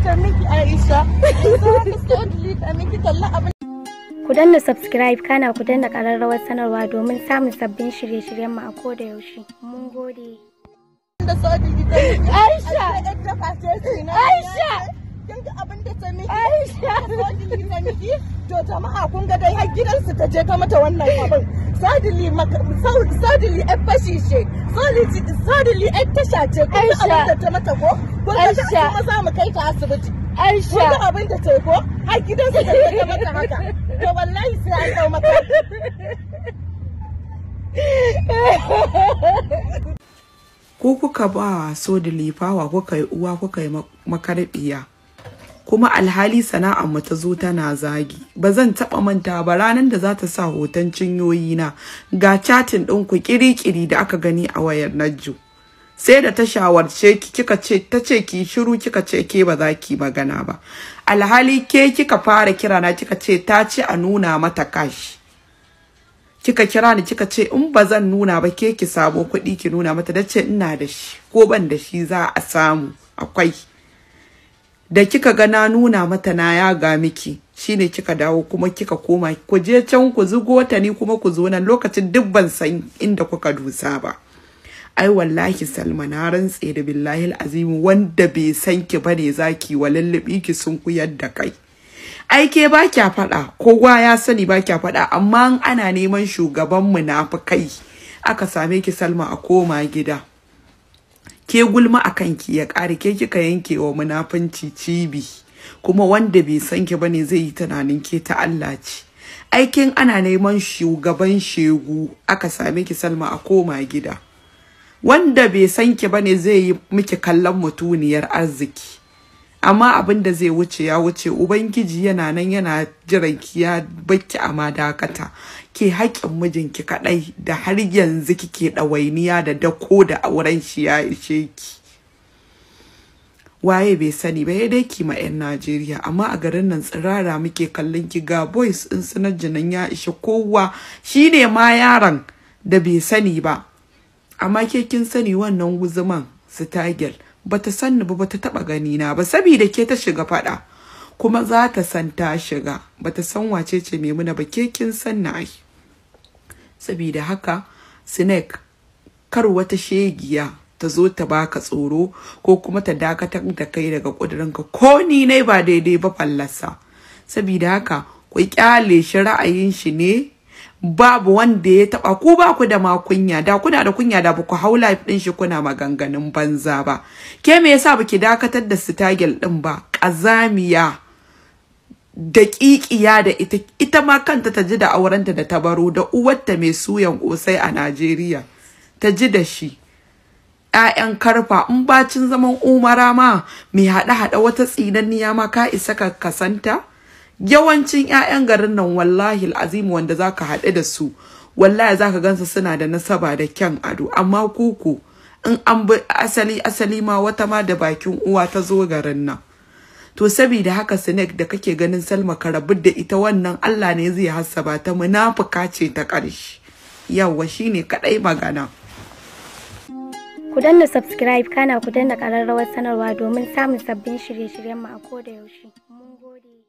liƙa miki Aisha. Ku danna subscribe kana ku danna ƙararrawar sanarwa domin samun sabbin shirye-shiryen mu a koda yaushe. Mun gode. Aisha! Aisha! Kin ga abin da ta miki? Aisha! To jama'a kun ga dai har gidansu ta je ta mata wannan abin. sadili sadili yan fashi ce sadili yan tasha ce ko abin da ta mata ko ko ta kuma za mu kai ta asibiti Aisha ko abin da ta ko har gidansa da ta mata haka to wallahi sai an dau maka ko kuka ba so da lifawa kuka yi uwa kuka yi makarbiya kuma alhali mu ta zo tana zagi ba zan taɓa manta ba ranar da za ta sa hoton cinyoyi na ga chatin ku ƙiri-ƙiri da aka gani a wayar najju sai da ta shawarce ki kika ce ta ce ki shiru kika ce ke ba za ki magana ba alhali ke kika fara kira na kika ce ta ce a nuna mata kashi kika kira ni kika ce in ba zan nuna ba ke ki sabo kuɗi ki nuna mata da ce ina da shi ko ban da shi za a samu akwai da kika ga na nuna mata na ya ga miki shine kika dawo kuma kika koma ku je can ku zugo ta ni kuma ku zo nan lokacin duk ban san inda kuka dusa ba ai wallahi salma na rantse da billahi azimi wanda bai san ki ba bane zaki wa ki sun kuyar da kai ai ke ba kya faɗa kowa ya sani ba kya faɗa amma ana neman shugaban kai aka same ki salma a koma gida ke gulma a kanki ya ƙare ke kika yanke wa munafanci cibi kuma wanda bai san ki bane zai yi tunanin ke ta Allah ce aikin ana neman shugaban shegu aka same ki Salma a koma gida wanda bai san ki bane zai yi miki kallon mutuniyar arziki amma abin da zai wuce ya wuce ubangiji yana nan yana jiran ki ya bakki a madakata ke haƙƙin mijinki kaɗai da har yanzu kike ɗawainiya da dako da auren shi ya ishe ki waye bai sani ba ya dai ma 'yan najeriya amma a garin nan tsirara muke kallon ki ga boys in sanar jinan ya ishe kowa shine ma yaron da bai sani ba amma ke kin sani wannan guzuman su bata san ni ba bata taba gani na ba saboda ke ta shiga fada kuma za ta san ta shiga bata san wace ce muna ba ke kin san na ai saboda haka Snake kar wata shegiya ta zo ta baka tsoro ko kuma ta dakatar da kai daga kudurinka ko ni ne ba daidai ba fallasa saboda haka ku kyale shi ra'ayin shi ne babu wanda ya taba ku ba ku da ma kunya da kuna da kunya da ba ku hau life din shi kuna maganganun banza ba ke me yasa baki dakatar da sitagel din ba kazamiya daƙiƙiya da ita ita ma kanta ta ji da aurenta da ta baro da uwarta mai suyan kosai a Najeriya ta ji da shi ‘ya'yan karfa in bacin zaman umara ma mai haɗe-haɗe wata tsinanniya ma ka isa ka kasanta? yawancin 'ya'yan garin nan wallahi alazim wanda za ka haɗu da su wallahi zaka gansu suna da nasaba da kyan ado amma kuku in an bi asali asali ma wata ma da bakin uwa ta zo garin nan to saboda haka snake da kake ganin Salma karabu da ita wannan Allah ne zai hassaba ta munafuka ce ta ƙarshe yawa shine kaɗai magana ku danna subscribe kana ku danna ƙararrawar sanarwa domin samun sabbin shirye-shiryen mu a koda yaushe mun gode